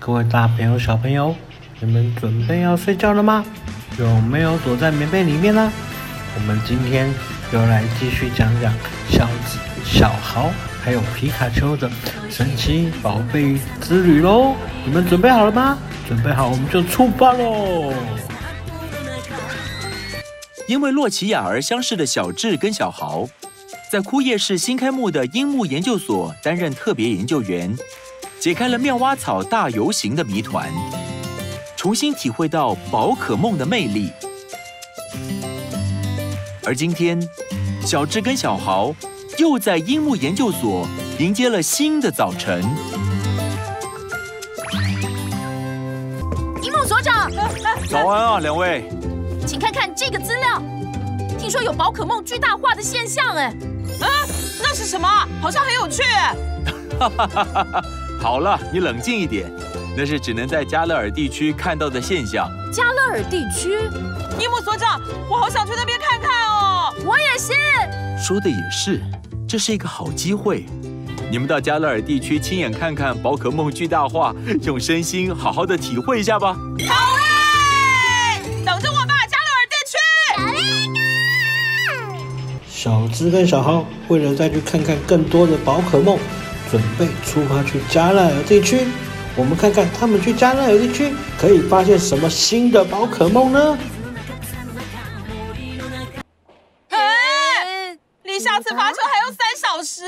各位大朋友、小朋友，你們準備要睡覺了嗎？有沒有躲在棉被裡面呢？我們今天又來繼續講講小智、小豪還有皮卡丘的神奇寶貝之旅嘍！你們準備好了嗎？準備好，我們就出發嘍！因為洛奇亞而相識的小智跟小豪，在枯葉市新開幕的櫻木研究所擔任特別研究員。解開了妙蛙草大遊行的謎團，重新體會到寶可夢的魅力。而今天，小智跟小豪又在櫻木研究所迎接了新的早晨。櫻木所長，啊啊啊，早安啊，兩位，請看看這個資料，聽說有寶可夢巨大化的現象，哎，啊，那是什麼？好像很有趣。哈哈哈哈哈。好了，你冷靜一點，那是只能在加勒爾地區看到的現象。加勒爾地區，伊木所長，我好想去那邊看看哦！我也是。說的也是，這是一個好機會，你們到加勒爾地區親眼看看寶可夢巨大化，用身心好好的體會一下吧。好嘞，等着我吧，加勒爾地區。來，小智跟小豪為了再去看看更多的寶可夢。準備出發去加勒爾地區，我們看看他們去加勒爾地區可以發現什麼新的寶可夢呢？哎，離下次發車還要三小時，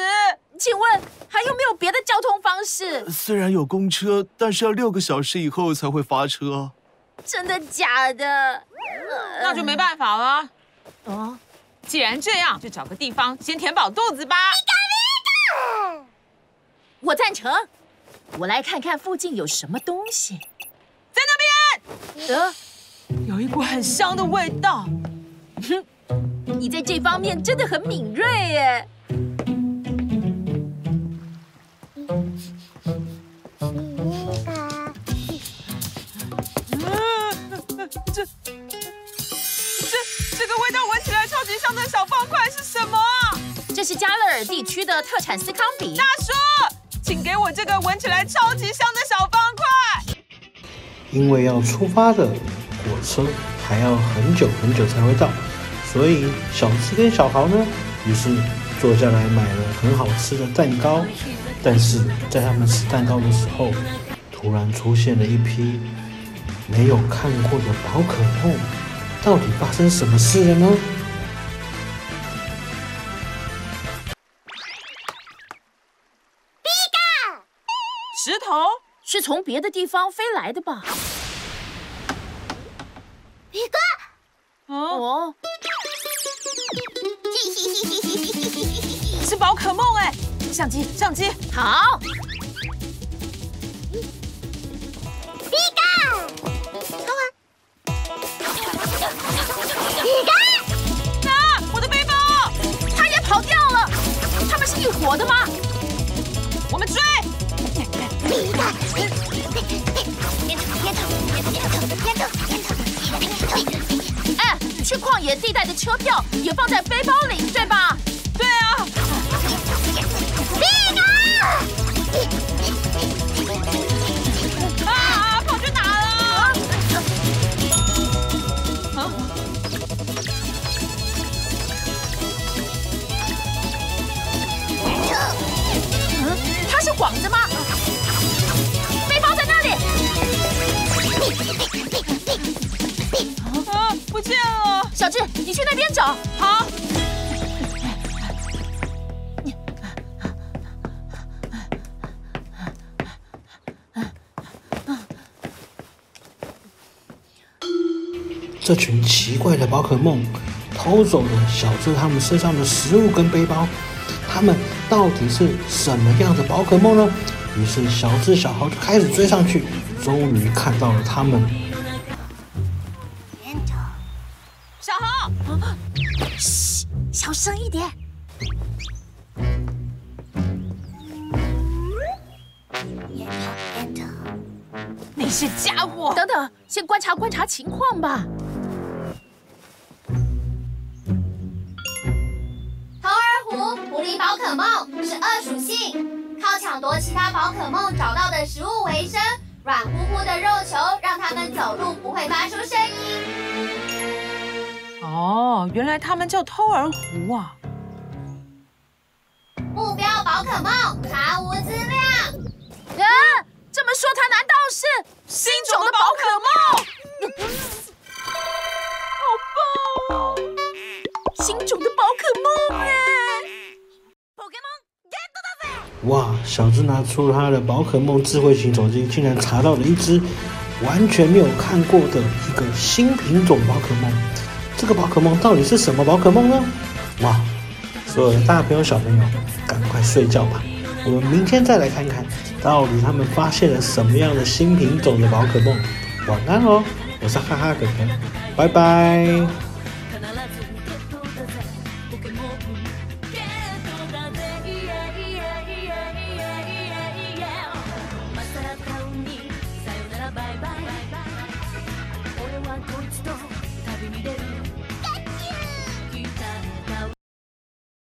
請問還有沒有別的交通方式？雖然有公車，但是要六個小時以後才會發車。真的假的？那就沒辦法了。哦、嗯，既然這樣，就找個地方先填飽肚子吧。我贊成。我來看看附近有什麼東西，在那邊，啊，有一股很香的味道。哼，你在這方面真的很敏銳耶。嗯，嗯嗯嗯，這這這個味道聞起來超級香的小方塊是什麼？這是加勒爾地區的特產斯康比。大叔！請給我這個聞起來超級香的小方塊。因為要出發的火車還要很久很久才會到，所以小智跟小豪呢，於是坐下來買了很好吃的蛋糕。但是在他們吃蛋糕的時候，突然出現了一批沒有看過的寶可夢，到底發生什麼事了呢？石頭是從別的地方飛來的吧？雨哥、嗯，哦， 是寶可夢哎、欸！相機，相機，好。皮卡，給我、啊！我的背包，它也跑掉了。他們是一夥的嗎？我們。哎，去曠野地帶的車票也放在背包裡，對吧？對啊。啊，跑去哪了？啊？嗯，他是幌子嗎？這群奇怪的寶可夢偷走了小智他們身上的食物跟背包，他們到底是什麼樣的寶可夢呢？於是小智、小豪就開始追上去，終於看到了他們。小豪，噓，小聲一點。那些家伙，等等，先觀察觀察情況吧。離寶可夢是惡屬性，靠搶奪其他寶可夢找到的食物為生，軟乎乎的肉球讓它們走路不會發出聲音。哦，原來他們叫偷兒狐啊！目標寶可夢，查無資料。嗯、啊，這麼說它難道是新種的寶可夢？哇！小智拿出他的寶可夢智慧型手機，竟然查到了一隻完全沒有看過的一個新品種寶可夢。這個寶可夢到底是什麼寶可夢呢？哇！所有的大朋友小朋友，趕快睡覺吧，我們明天再來看看，到底他們發現了什麼樣的新品種的寶可夢。晚安哦，我是哈哈哥哥，拜拜。